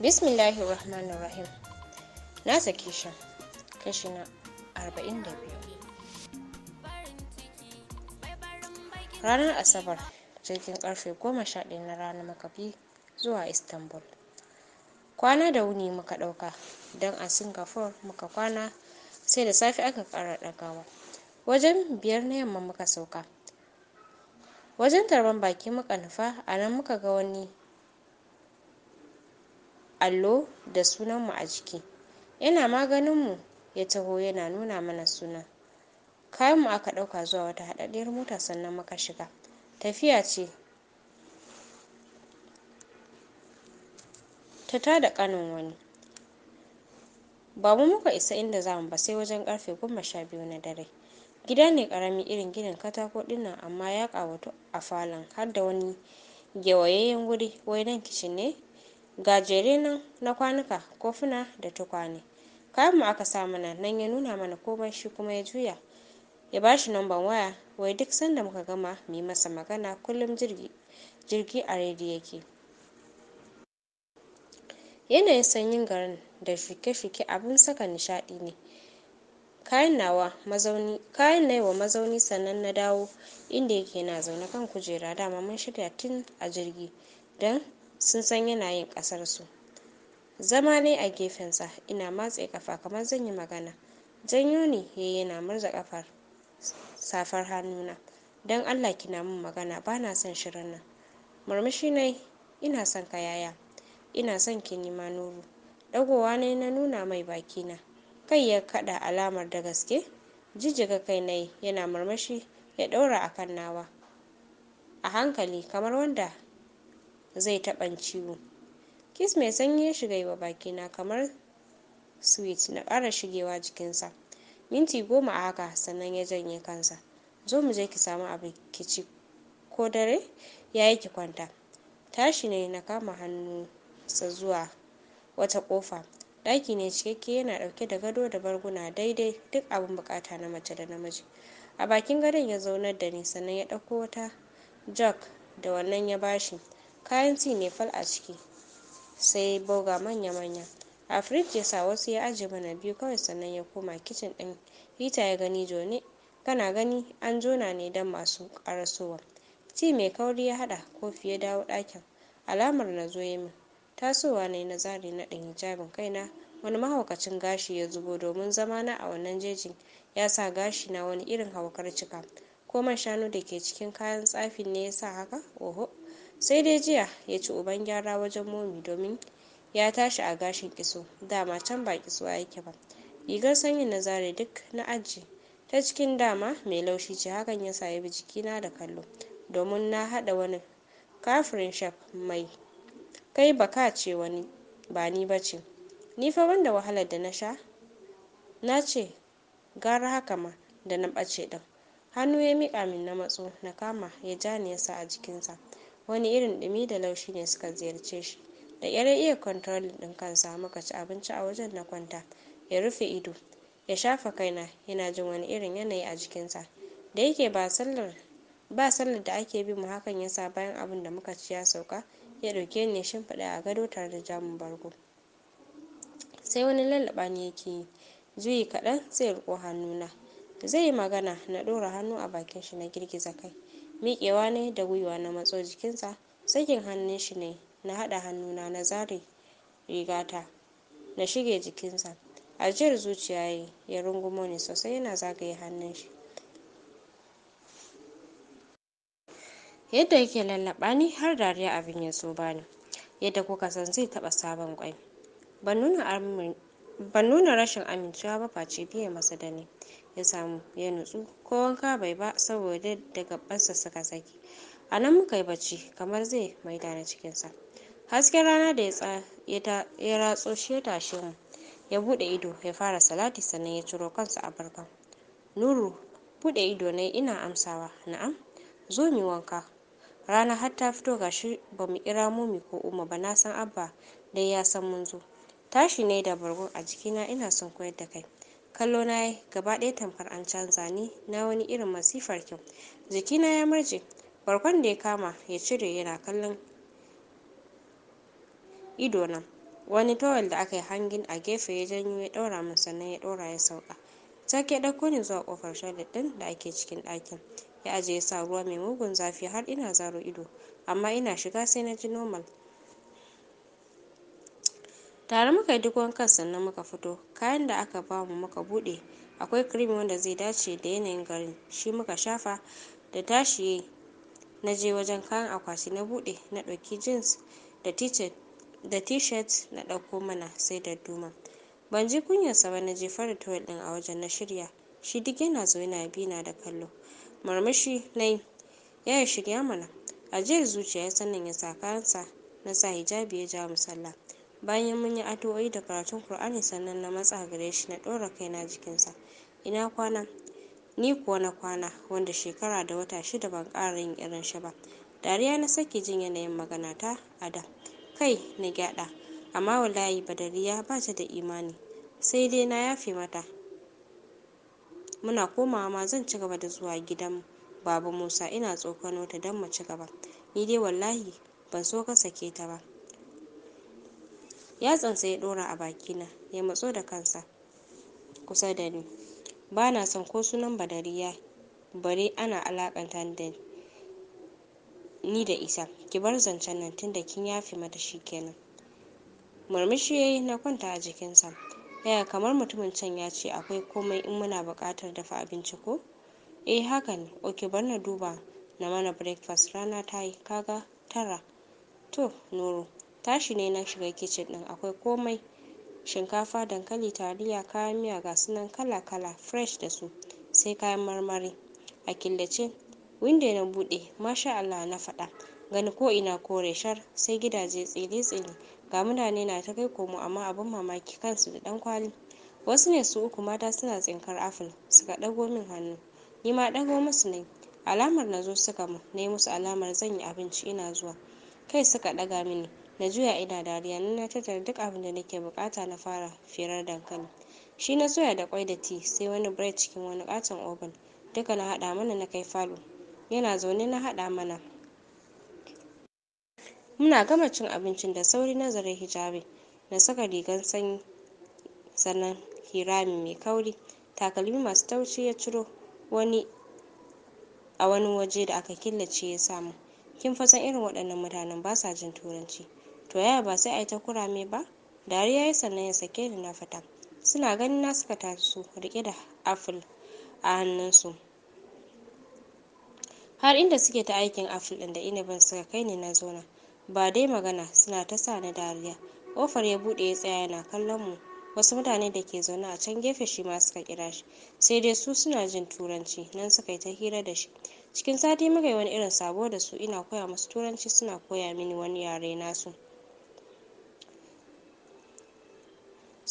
bismillahir rahmanir rahim na sake shi kashi na 42 ranar asabar jirgin karfe 11 na rana makafi zuwa istanbul kwana da wuni muka dauka don a singapore muka kwana sai da safe aka kara dagawa wajen biyar na yamma muka sauka wajen tarban baki muka nufa a nan muka ga wani allo da sunanmu a jiki yana maganinmu ya taho yana nuna mana sunan kayanmu aka ɗauka zuwa wata haɗaɗɗiyar mota sannan muka shiga tafiya ce ta tada ƙanin wani ba mu muka isa inda za mu ba sai wajen ƙarfe goma sha biyu na dare gida ne ƙarami irin ginin katako ɗinnan amma ya ƙawatu a falon har da wani gewayayyen wuri wai nan kicin ne gajere nan na kwanuka kofuna da tukwane kayan mu aka sa mana nan ya nuna mana komai shi kuma ya juya ya ba shi namban waya wai duk sanda muka gama mu masa magana kullum jirgi jirgi a rediyo yake yanayin sanyin garin da shuke-shuke abin saka nishaɗi ne kayan nawa mazauni wa mazauni sannan na dawo inda yake na zaune kan kujera dama mun shirya tun a jirgi don sun san yanayin su zama ne a gefensa ina matse ƙafa kamar zan yi magana janyo ne ya yana murza ƙafar safar hannuna don allah kina min magana ba na son shirin nan murmushi ne ina son ka yaya ina son ki nima nuru ɗagowa ne na nuna mai baki na. kai ya kaɗa alamar da gaske jijjiga kai na yi. yana murmushi ya ɗaura a kan nawa a hankali kamar wanda zai taɓa ciwo kis mai sanyi ya shiga yi wa bakina kamar sweet na ƙara shigewa jikinsa minti goma a haka sannan ya janye kansa zo mu je ki samu abu ki ci ko dare ya yi ki kwanta tashi ne na kama hannu sa zuwa wata ƙofa ɗaki ne cikakke yana ɗauke da gado da barguna daidai duk abin bukata na mace da namiji a bakin gadon ya zaunar da ni sannan ya ɗauko wata jug da wannan ya bashi kayan tea mai fal a ciki sai boga manya-manya a fridge ya sa wasu ya ajiye mana biyu kawai sannan ya koma kicin ɗin peter ya gani jone kana gani an jona ne don masu ƙarasowa tea mai kauri ya haɗa kofi ya dawo ɗakin alamar na zo ya min tasowa ne na zare na ɗan hijabin kaina wani mahaukacin gashi ya zubo domin zama na a wannan jejin ya sa gashi na wani irin haukar cika ko man shanu da ke cikin kayan tsafin ne ya sa haka oho sai dai jiya ya ci uban gyara wajen momi domin ya tashi a gashin kiso dama can ba kiso yake ba rigar sanyin na zare duk na aji ta cikin dama mai laushi ce hakan ya sa ya bi jikina da kallo domin na hada wani kafirin shaf mai kai baka ce wani ba ni ba ce ni fa wanda wahalar da na sha na ce gara haka ma da na bace din hannu ya miƙa min na matso na kama ya ja ni ya sa a jikinsa wani irin dumi da laushi ne suka ziyarce shi da ƙyar iya kontrolin ɗin kansa muka ci abinci a wajen na kwanta ya rufe ido ya shafa kaina yana jin wani irin yanayi a jikinsa da yake ba sallar ba sallar da ake bin mu hakan yasa bayan abun da muka ci ya sauka ya ɗauke ni shimfiɗa a gado tare da jamun bargo sai wani lallaɓa ni yake yi juyi kaɗan zai riƙo na zai yi magana na ɗora hannu a bakin shi na girgiza kai miƙewa ne da gwiwa na matso jikinsa sakin hannun shi ne na haɗa hannuna na zare rigata na shige jikinsa ajiyar zuciya yi ya rungumo ne sosai yana zagaye hannun shi yadda yake lallaɓa ni har dariya abin ya so bani yadda kuka san zai taɓa sabon kwai ban nuna ban nuna rashin amincewa ba face biye masa da ni ya samu ya nutsu ko wanka bai ba saboda da sa suka saki a nan muka yi bacci kamar zai mai maida na cikinsa hasken rana da ya ratso shi ya tashe mu ya bude ido ya fara salati sannan ya ciro kansa a barkan nuru bude ido na ina amsawa na'am zo mi wanka rana har ta fito gashi ba mu kira momi ko umma ba na san abba dai ya san mun zo tashi ne da bargon a jikina ina son koyar da kai kallo na yi gaba ɗaya tamkar an canza ni na wani irin masifar kyau jikina ya murje barkon da ya kama ya cire yana kallon idona wani towel da aka yi hangin a gefe ya janyo ya ɗaura min sannan ya ɗaura ya sauka cak ya ɗauko ni zuwa ƙofar toilet ɗin da ake cikin ɗakin ya ajiye sa ruwa mai mugun zafi har ina zaro ido amma ina shiga sai na ji normal tare muka yi duk wankan sannan muka fito kayan da aka bamu muka bude akwai cream wanda zai dace da yanayin garin shi muka shafa da tashi na je wajen kayan akwati na bude na dauki jeans da t-shirt na dauko mana sai da duma ban ji kunyarsa ba na jefar da towel din a wajen na shirya shi duk yana zo yana bi na da kallo murmushi na yi ya shirya mana ajiyar zuciya ya sannan ya sa kayansa na sa hijabi ya jawo mu sallah bayan mun yi addu'o'i da karatun qur'ani sannan na matsa gare shi na ɗora kaina jikinsa ina kwana ni kuwa na kwana wanda shekara da wata shida ban ƙara yin irin shi ba dariya na sake jin yanayin magana ta a da kai na gyaɗa amma wallahi badariya ba ta da imani sai dai na yafe mata muna komawa ma zan ci gaba da zuwa gidan baba musa ina tsokano ta don mu ci gaba ni dai wallahi ban so ka sake ta ba yatsansa ya ɗora a bakina ya matso da kansa kusa da ni ba na son ko sunan badariya bare ana alakanta ni da ni da isa ki bar zancen nan tunda kin yafe mata shi kenan. murmushi yayi na kwanta a jikinsa yaya kamar mutumin can ya ce akwai komai in muna buƙatar dafa abinci ko eh haka ne oke bar na duba na mana breakfast rana ta yi kaga tara to nuru tashi ne na shiga kicin ɗin akwai komai shinkafa dankali taliya kayan miya ga sunan kala kala fresh da su sai kayan marmari a killace windo na buɗe masha Allah na faɗa gani ko ina kore shar sai gidaje tsili tsili ga mutane na ta kai komo amma abin mamaki kansu da ɗan kwali wasu ne su uku mata suna tsinkar aful suka ɗago min hannu ni ma ɗago musu ne alamar na zo suka mun nayi musu alamar zan yi abinci ina zuwa kai suka ɗaga mini na juya ina dariya na na tattara duk abinda da nake bukata na fara firar dankali. shi na soya da kwai da tea sai wani bread cikin wani katon oven duka na hada mana na kai falo yana zaune na hada mana muna gama cin abincin da sauri na zare hijabi na saka rigar sanyi sannan hirami mai kauri takalmi masu taushi ya ciro wani a wani waje da aka killace ya samu kin fa irin waɗannan mutanen ba sa jin turanci to yaya ba sai a yi ta kurame ba dariya ya sannan ya sake ni na fita suna ganin na suka su rike da afil a hannunsu har inda suke ta aikin afil ɗin da inabin suka kai ni na zauna ba dai magana suna ta sa ni dariya kofar ya buɗe ya tsaya yana kallon mu wasu mutane da ke zaune a can gefe shi ma suka kira shi sai dai su suna jin turanci nan suka yi ta hira da shi cikin sati muka yi wani irin sabo da su ina koya musu turanci suna koya mini wani yare nasu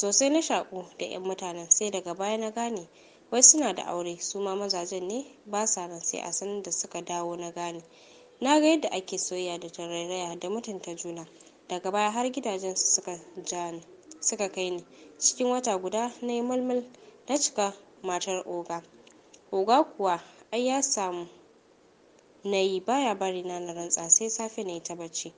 sosai na shaƙu da 'yan mutanen sai daga baya na gane wai suna da aure su ma mazajen ne ba sa nan sai a sanin da suka dawo na gane na ga yadda ake soyayya da tarairaya da mutunta juna daga baya har gidajen su suka kai ni cikin wata guda na yi malmal na cika matar oga oga kuwa ai ya samu na yi baya bari na na rantsa sai safe na yi ta bacci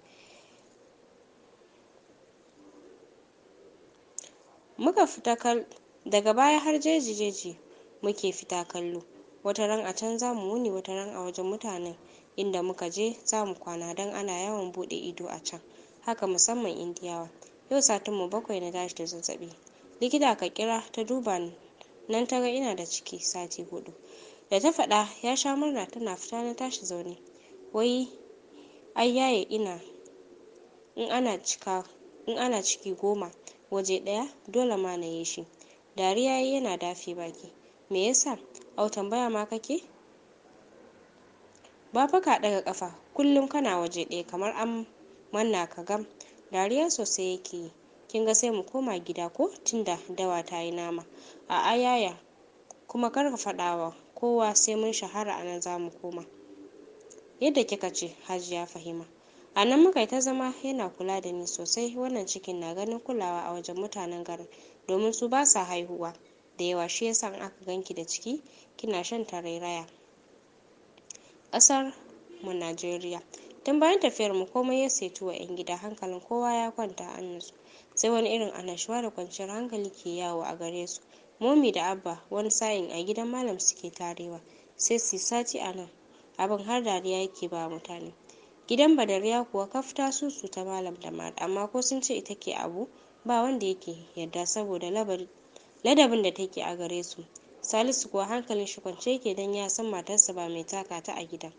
muka fita kal daga baya har jeji jeji muke fita kallo wata ran a can zamu wuni wata ran a wajen mutanen inda muka je zamu kwana don ana yawon bude ido a can haka musamman indiyawa yau satin mu bakwai na tashi da zazzabi likita ka kira ta duba ni nan ta ga ina da ciki sati huɗu da ta faɗa ya sha murna tana fita na tashi zaune wai ai yaye ina in ana cika in ana ciki goma waje ɗaya dole ma na yi shi dariya yayi yana dafi baki me yasa au tambaya ma kake ba fa ka ɗaga ƙafa kullum kana waje ɗaya kamar an manna ka gam dariya sosai yake yi kin ga sai mu koma gida ko tunda dawa ta yi nama a'a yaya kuma kar ka faɗa wa kowa sai mun shahara a nan za mu koma yadda kika ce hajiya fahima a nan muka yi ta zama yana kula da ni sosai wannan cikin na ganin kulawa a wajen mutanen garin domin su ba sa haihuwa da yawa shi yasa in aka ganki da ciki kina shan tarairaya ƙasar mu Najeriya tun bayan tafiyar mu komai ya saitu wa 'yan gida hankalin kowa ya kwanta a hannunsu sai wani irin annashuwa da kwanciyar hankali ke yawo a gare su momi da abba wani sa'in a gidan malam suke tarewa sai su sati a nan abin har dariya yake ba mutane gidan badariya kuwa kaf ta susu ta malam tamar amma ko sun ce ita ke abu ba wanda yake yadda saboda ladabin da take a gare su salisu kuwa hankalin shi kwance yake don ya san matarsa ba mai taka ta a gidan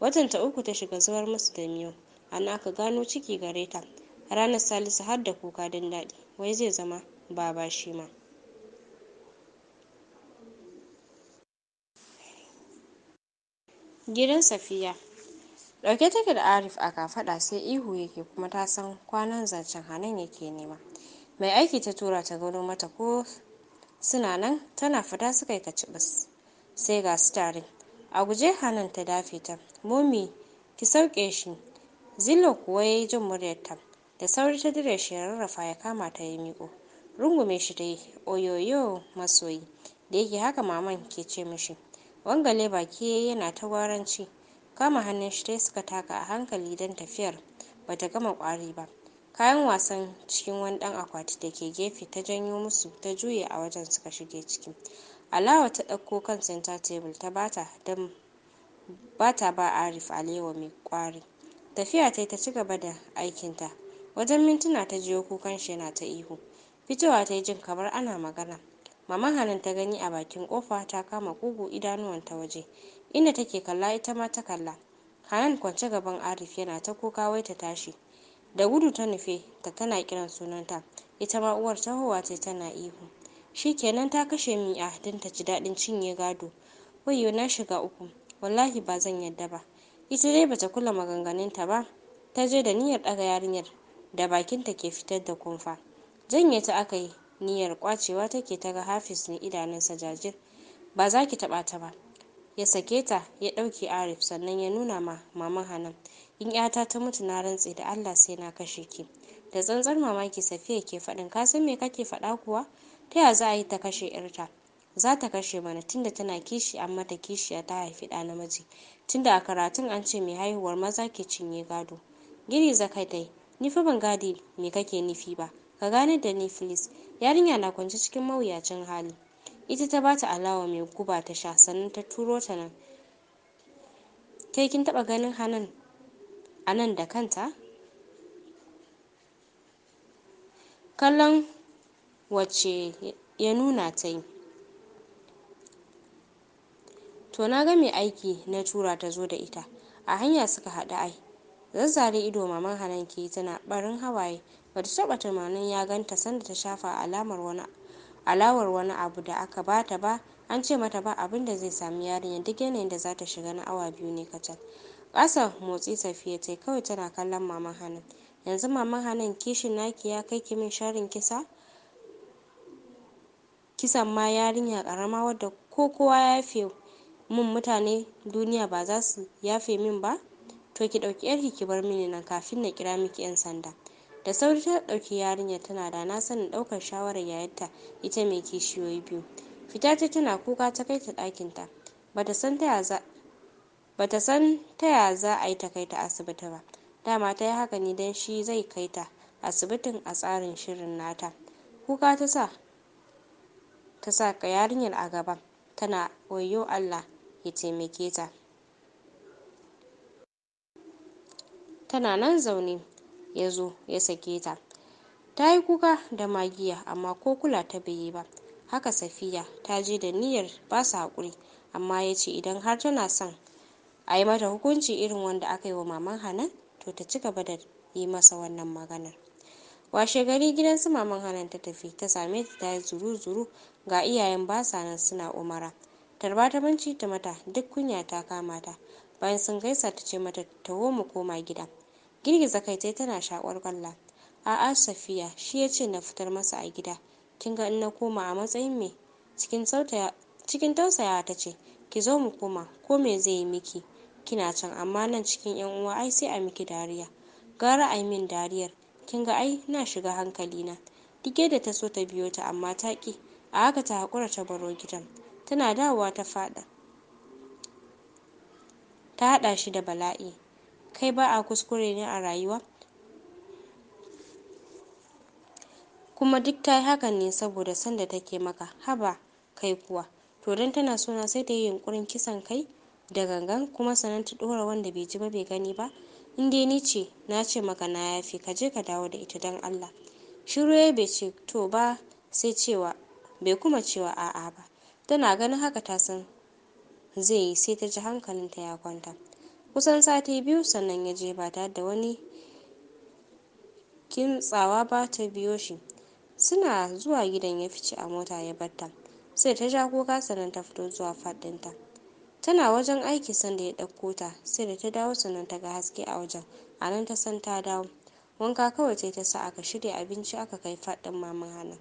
watan ta uku ta shiga zuwar musu da miyau ana aka gano ciki gare ta ranar salisu har da kuka don daɗi wai zai zama baba shi ma gidan safiya ɗauke take da arif a kafaɗa sai ihu yake kuma ta san kwanan zancen hanan yake nema mai aiki ta tura ta gano mata ko suna nan tana fita suka yi kacibis sai ga su tare a guje hanan ta dafe ta momi ki sauke shi zillo kuwa ya yi jin muryarta da sauri ta dire shi rarrafa ya kama ta ya miƙo rungume shi ta yi oyoyo masoyi da yake haka maman ke ce mishi wangale baki yana ta gwaranci kama hannun shi dai suka taka a hankali don tafiyar bata gama kwari ba kayan wasan cikin wani dan akwati da ke gefe ta janyo musu ta juye a wajen suka shige ciki alawa ta dauko kan center table ta bata don bata ba Arif alewa mai kwari tafiya tayi ta cigaba da aikin ta wajen mintuna ta jiyo kukan shi yana ta ihu fitowa tayi jin kamar ana magana maman Hanan ta gani a bakin kofa ta kama ƙugu idanuwan ta waje inda take kalla ita ma ta kalla hanan kwance gaban arif yana ta kuka wai ta tashi da gudu ta nufe ta tana kiran sunanta ita ma uwar tahowa ce tana ihu shi kenan ta kashe min ya don ta ci daɗin cinye gado wayyo na shiga uku wallahi ba zan yadda ba ita dai bata kula maganganunta ba ta je da niyyar ɗaga yarinyar da bakinta ke fitar da kumfa janye ta aka yi niyyar kwacewa take ta ga hafiz ne idanunsa jajir ba za ki taɓa ta ba ya sake ta ya ɗauke arif sannan ya nuna ma maman hanan in yata ta mutu na rantse da allah sai na kashe ki da tsantsar mamaki safiya ke faɗin ka san me kake faɗa kuwa ta ya za a yi ta kashe yarta za ta kashe mana tunda tana kishi an mata kishiya ta haifi ɗa namiji tunda a karatun an ce mai haihuwar maza ke cinye gado gini ka dai ni fa ban gadi me kake nufi ba ka gane da ni filis yarinya na kwance cikin mawuyacin hali ita ta bata alawa mai guba ta sha sannan ta turo ta nan kai kin taba ganin hanan a nan da kanta kallon wacce ya nuna ta yi to na ga mai aiki na tura ta zo da ita a hanya suka haɗu ai zazzare ido maman hanan ke tana barin hawaye bata taɓa tunanin ya ganta sanda ta shafa alamar wani alawar wani abu da aka bata ba an ce mata ba abin da zai sami yarinyar duk yanayin da za ta shiga na awa biyu ne kacal ƙasa motsi safiya ta kawai tana kallon maman hannun yanzu maman hannun kishin naki ya kai ki min sharrin kisa kisan ma yarinya karama wadda ko kowa ya yafe min mutane duniya ba za su yafe min ba to ki ɗauki yarki ki bar mini nan kafin na kira miki 'yan sanda da sauri ta ɗauki yarinyar tana da na sanin ɗaukar shawarar yayarta ita mai kishiyoyi biyu fita ta tana kuka ta kai ta ɗakinta bata san ta za bata san ta ya za a yi ta kai asibiti ba dama ta yi haka ne don shi zai kai ta asibitin a tsarin shirin nata kuka ta sa ta sa ka yarinyar a gaba tana wayo allah ya taimake ta tana nan zaune ya zo ya sake ta ta yi kuka da magiya amma ko kula ta bai yi ba haka safiya ta je da niyyar ba su haƙuri amma ya ce idan har tana son a yi mata hukunci irin wanda aka yi wa maman hanan to ta ci gaba da yi masa wannan maganar washe gari gidan su maman hanan ta tafi ta same ta ta yi zuru-zuru ga iyayen ba sa nan suna umara tarba ta banci ta mata duk kunya ta kama ta bayan sun gaisa ta ce mata ta taho mu koma gida girgiza kai tai tana shakwar kwalla a'a safiya shi ya ce na fitar masa a gida kin ga in na koma a matsayin me cikin tausayawa ta ce ki zo mu koma ko me zai yi miki kina can amma nan cikin yan uwa ai sai a miki dariya gara ai min dariyar kin ga ai na shiga hankali na duk yadda ta so ta biyo ta amma ta ki a haka ta hakura ta baro gidan tana dawowa ta fada ta hada shi da bala'i kai ba a kuskure ne a rayuwa kuma duk tayi yi hakan ne saboda son da take maka haba kai kuwa to don tana sona sai ta yi yunkurin kisan kai da gangan kuma sannan ta ɗora wanda bai ji ba bai gani ba in dai ni ce na ce maka na yafe ka je ka dawo da ita don allah shiru ya bai ce to ba sai cewa bai kuma cewa a'a ba tana ganin haka ta san zai yi sai ta ji hankalinta ya kwanta kusan sati biyu sannan ya je ba tare da wani kintsawa ba ta biyo shi suna zuwa gidan ya fice a mota ya batta sai ta ja kuka sannan ta fito zuwa faɗinta tana wajen aiki sanda ya ɗauko ta sai da ta dawo sannan ta ga haske a wajen a nan ta san ta dawo wanka kawai sai ta sa aka shirya abinci aka kai faɗin maman hana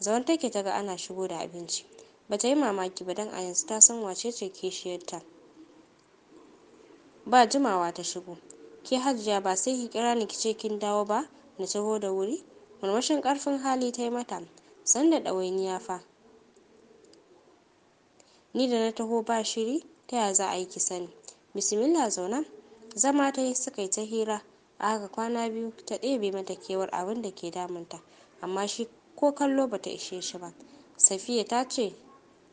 zaune take ta ga ana shigo da abinci ba ta yi mamaki ba don a yanzu ta san wace wacece kishiyarta ba jimawa ta shigo ke hajiya ba sai ki kira ni ki ce kin dawo ba na taho da wuri murmushin karfin hali ta yi mata sanda ɗawainiya fa ni da na taho ba shiri ta ya za a yi ki sani bismillah zauna zama ta yi suka yi ta hira a haka kwana biyu ta ɗebe mata kewar abin da ke ta amma shi ko kallo bata ishe shi ba safiya ta ce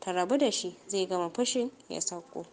ta rabu da shi zai gama fushin ya sauko